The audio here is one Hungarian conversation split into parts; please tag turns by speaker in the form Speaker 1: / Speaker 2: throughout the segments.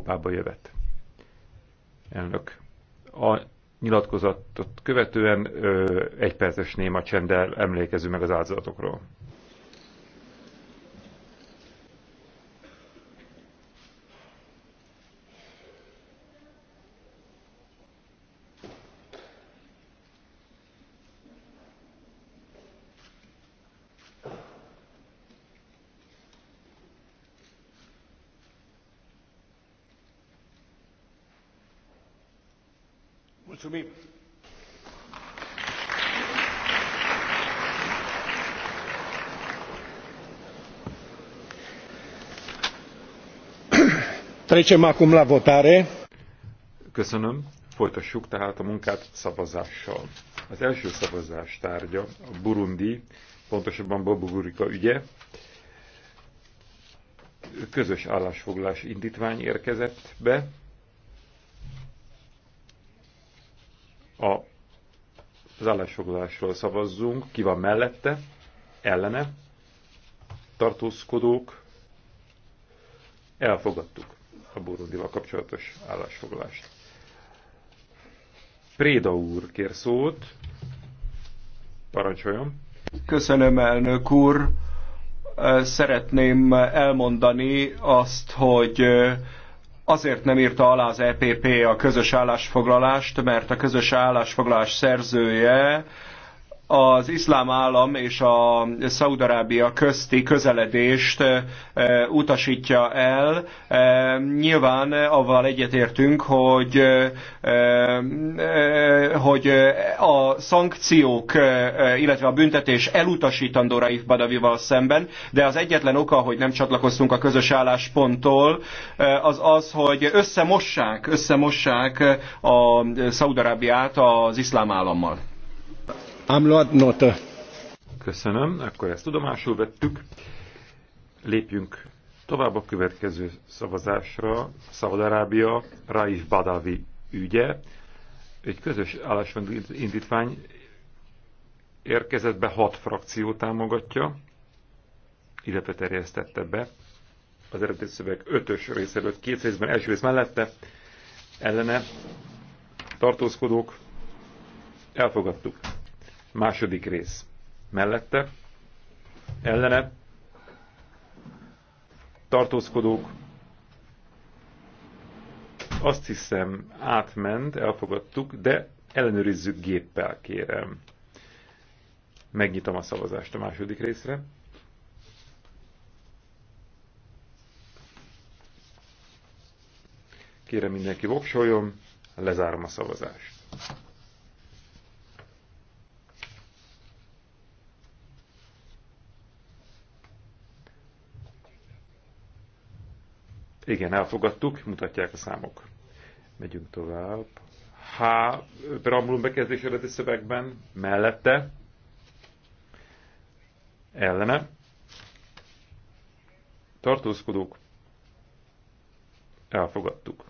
Speaker 1: Európába jövet. Elnök. A nyilatkozatot követően ö, egy perces néma csenddel emlékezünk meg az áldozatokról. trecem acum la votare. Köszönöm. Folytassuk tehát a munkát szavazással. Az első szavazás tárgya a Burundi, pontosabban Babugurika ügye. Közös állásfoglalás indítvány érkezett be. a, az állásfoglalásról szavazzunk, ki van mellette, ellene, tartózkodók, elfogadtuk a Burundival kapcsolatos állásfoglalást. Préda úr kér szót, parancsoljon.
Speaker 2: Köszönöm, elnök úr.
Speaker 1: Szeretném elmondani azt, hogy Azért nem írta alá az EPP a közös állásfoglalást, mert a közös állásfoglalás szerzője az iszlám állam és a Szaudarábia közti közeledést eh, utasítja el. Eh, nyilván
Speaker 2: avval egyetértünk, hogy, eh, hogy a szankciók, illetve a büntetés elutasítandó Raif Badavival szemben, de az egyetlen oka, hogy nem csatlakoztunk a közös állásponttól, az az, hogy összemossák, összemossák a Szaudarábiát az iszlám állammal. Amlad nota.
Speaker 1: Köszönöm, akkor ezt tudomásul vettük. Lépjünk tovább a következő szavazásra. Szaudarábia, Raif Badavi ügye. Egy közös indítvány érkezett be, hat frakció támogatja, illetve terjesztette be. Az eredeti szöveg ötös rész előtt, két részben, első rész mellette, ellene tartózkodók, elfogadtuk. Második rész. Mellette, ellene, tartózkodók, azt hiszem átment, elfogadtuk, de ellenőrizzük géppel, kérem. Megnyitom a szavazást a második részre. Kérem mindenki voksoljon, lezárom a szavazást. Igen, elfogadtuk, mutatják a számok. Megyünk tovább. H. preambulum bekezdés eredeti szövegben, mellette, ellene, tartózkodók, elfogadtuk.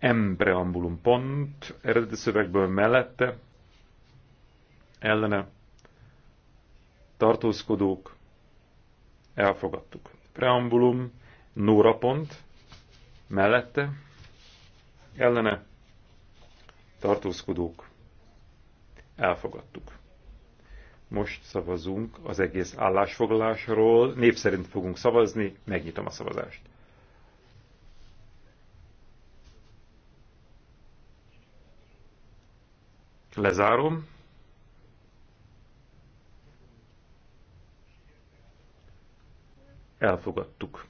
Speaker 1: M. Preambulum pont, eredeti szövegből mellette, ellene, tartózkodók, elfogadtuk. Preambulum Nóra pont, mellette, ellene, tartózkodók, elfogadtuk. Most szavazunk az egész állásfoglalásról, név szerint fogunk szavazni, megnyitom a szavazást. Lezárom. Elfogadtuk.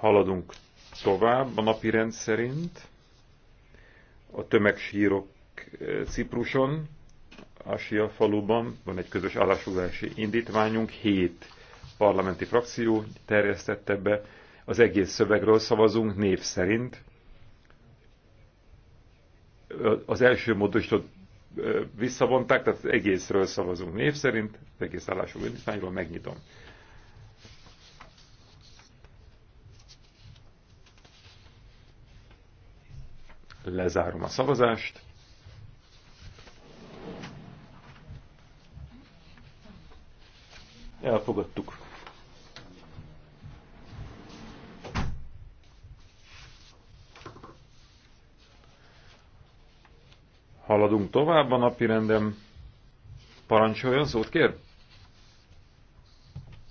Speaker 1: Haladunk tovább a napi rend szerint. A tömegsírok eh, Cipruson, Asia faluban van egy közös állásfoglalási indítványunk, hét parlamenti frakció terjesztette be. Az egész szövegről szavazunk név szerint. Eh, az első módosított eh, visszavonták, tehát az egészről szavazunk név szerint, az egész állásfoglaló indítványról megnyitom. Lezárom a szavazást. Elfogadtuk. Haladunk tovább a napi rendem. Parancsoljon, szót kér!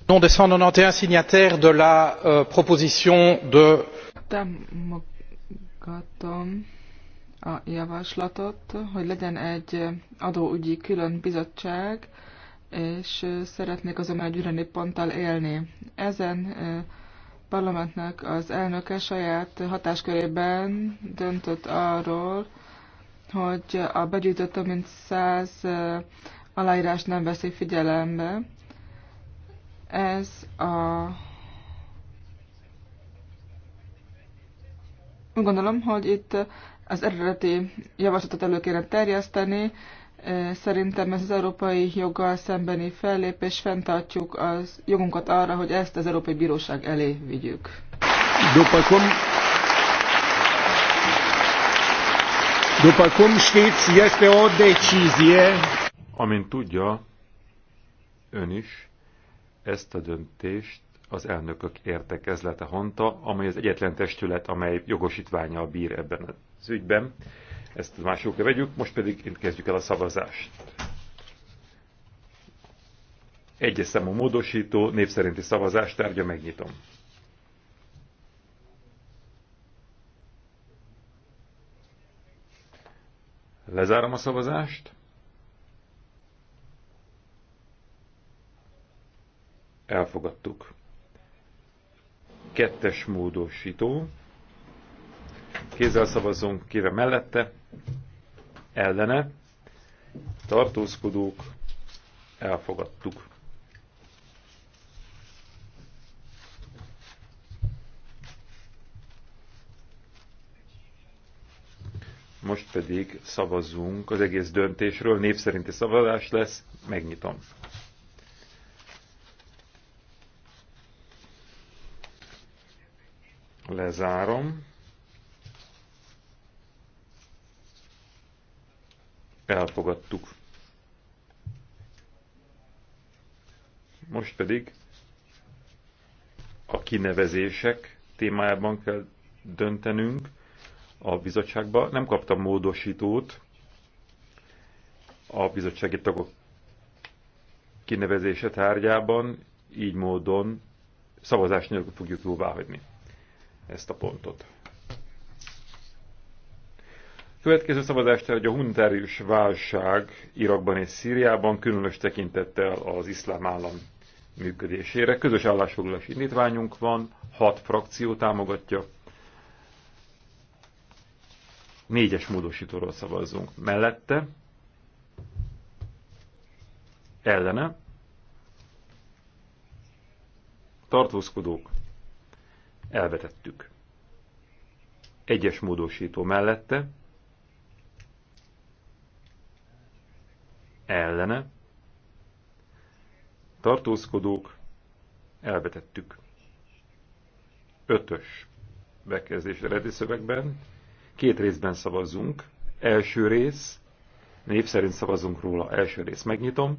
Speaker 2: Non de 191 signataire de la euh, proposition de a javaslatot, hogy legyen egy adóügyi külön bizottság, és szeretnék azonban egy üreni ponttal élni. Ezen parlamentnek az elnöke saját hatáskörében döntött arról, hogy a begyűjtött több mint száz aláírás nem veszi figyelembe. Ez a... gondolom, hogy itt az eredeti javaslatot elő kéne terjeszteni. Szerintem ez az európai joggal szembeni fellépés, fenntartjuk az jogunkat arra, hogy ezt az Európai Bíróság elé vigyük. După cum, după
Speaker 1: cum o decizie. Amint tudja, ön is ezt a döntést az elnökök értekezlete honta, amely az egyetlen testület, amely a bír ebben a az ügyben. Ezt másokra vegyük, most pedig kezdjük el a szavazást. Egyes számú módosító, név szerinti tárgya, megnyitom. Lezárom a szavazást. Elfogadtuk. Kettes módosító kézzel szavazzunk, kire mellette, ellene, tartózkodók, elfogadtuk. Most pedig szavazzunk az egész döntésről, név szerinti szavazás lesz, megnyitom. Lezárom. elfogadtuk. Most pedig a kinevezések témájában kell döntenünk a bizottságba. Nem kaptam módosítót a bizottsági tagok kinevezése tárgyában, így módon szavazás nélkül fogjuk hagyni ezt a pontot. Következő hogy a humanitárius válság Irakban és Szíriában, különös tekintettel az iszlám állam működésére. Közös állásfoglalás indítványunk van, hat frakció támogatja. Négyes módosítóról szavazzunk. Mellette, ellene, tartózkodók, elvetettük. Egyes módosító mellette, ellene tartózkodók elvetettük. Ötös bekezdés eredeti szövegben. Két részben szavazzunk. Első rész, név szerint szavazunk róla. Első rész megnyitom.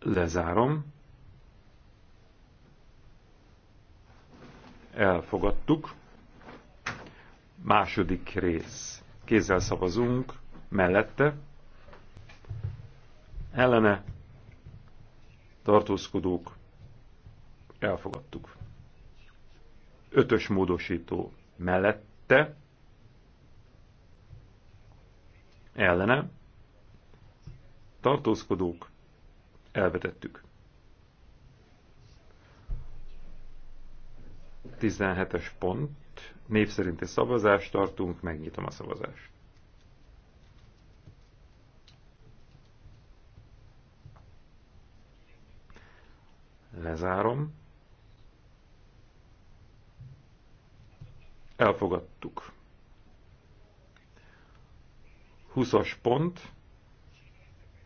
Speaker 1: Lezárom. Elfogadtuk. Második rész. Kézzel szavazunk, mellette, ellene, tartózkodók, elfogadtuk. Ötös módosító mellette, ellene, tartózkodók, elvetettük. 17-es pont, most név szerinti szavazást tartunk, megnyitom a szavazást. Lezárom. Elfogadtuk. 20-as pont,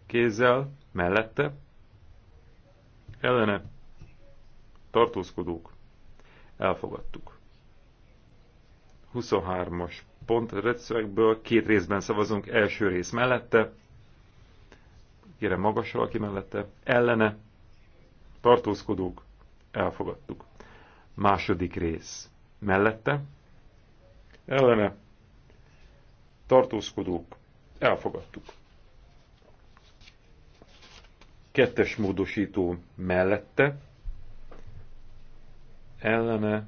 Speaker 1: kézzel, mellette, ellene, tartózkodók, elfogadtuk. 23-as pont redszövegből. Két részben szavazunk, első rész mellette. Kérem magasra, aki mellette. Ellene. Tartózkodók. Elfogadtuk. Második rész. Mellette. Ellene. Tartózkodók. Elfogadtuk. Kettes módosító mellette. Ellene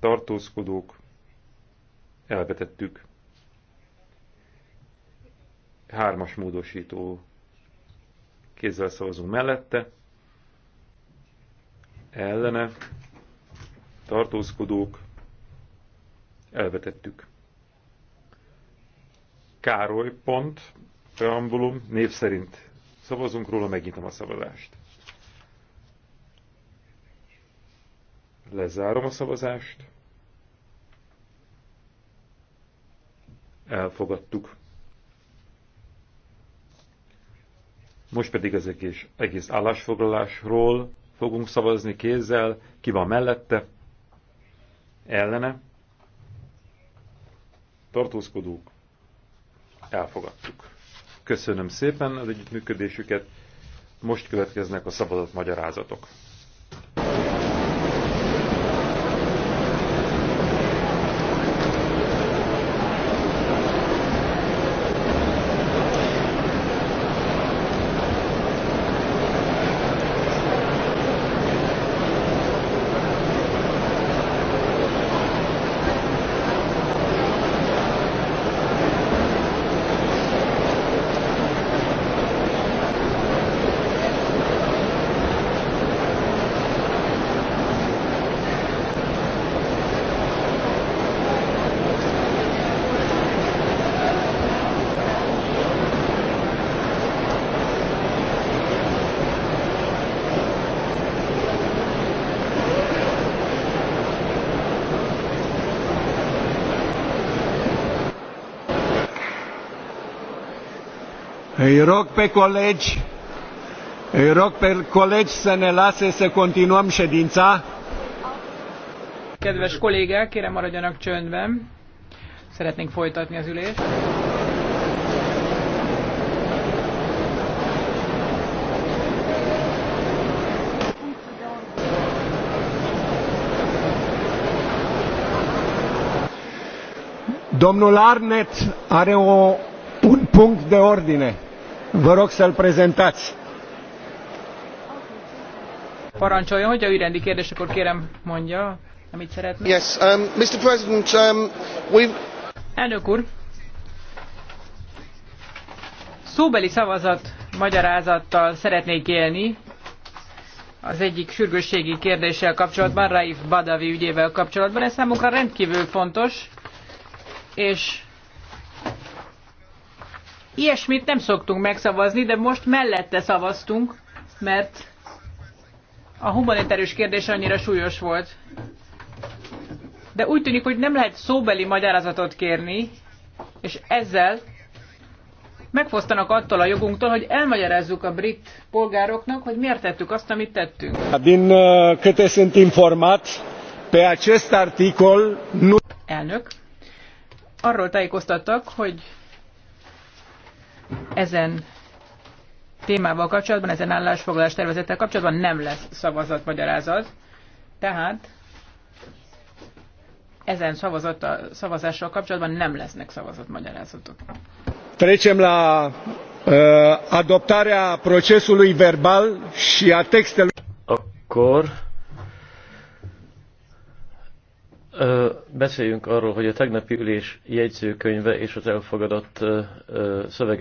Speaker 1: tartózkodók, elvetettük. Hármas módosító kézzel szavazunk mellette, ellene, tartózkodók, elvetettük. Károly pont, preambulum, név szerint szavazunk róla, megnyitom a szavazást. Lezárom a szavazást. Elfogadtuk. Most pedig az egész, egész állásfoglalásról fogunk szavazni kézzel. Ki van mellette? Ellene? Tartózkodók? Elfogadtuk. Köszönöm szépen az együttműködésüket. Most következnek a szabadott magyarázatok. Îi rog pe colegi, îi rog pe colegi să ne lase să continuăm ședința.
Speaker 2: Kedves kollégák, kérem maradjanak csöndben. Szeretnénk folytatni az ülést.
Speaker 1: Domnul Arnet are o, un punct de ordine. Vă rog să-l prezentați.
Speaker 2: Parancsoljon, hogy a ügyrendi kérdésekor kérem mondja, amit szeretne. Yes, um, Mr. President, um, we've... Elnök úr, szóbeli szavazat magyarázattal szeretnék élni az egyik sürgősségi kérdéssel kapcsolatban, Raif Badavi ügyével kapcsolatban. Ez számunkra rendkívül fontos, és Ilyesmit nem szoktunk megszavazni, de most mellette szavaztunk, mert a humanitárius kérdés annyira súlyos volt. De úgy tűnik, hogy nem lehet szóbeli magyarázatot kérni, és ezzel megfosztanak attól a jogunktól, hogy elmagyarázzuk a brit polgároknak, hogy miért tettük azt, amit tettünk. Din uh, câte sunt informat, pe acest articol nu... Elnök, arról tájékoztattak, hogy ezen témával kapcsolatban, ezen állásfoglalás tervezettel kapcsolatban nem lesz szavazat magyarázat. Tehát ezen szavazata, szavazással kapcsolatban nem lesznek szavazat magyarázatok.
Speaker 1: Trecem la uh, adoptarea procesului
Speaker 2: verbal
Speaker 1: și a textelui. Akkor beszéljünk arról, hogy a tegnapi ülés jegyzőkönyve és az elfogadott szöveg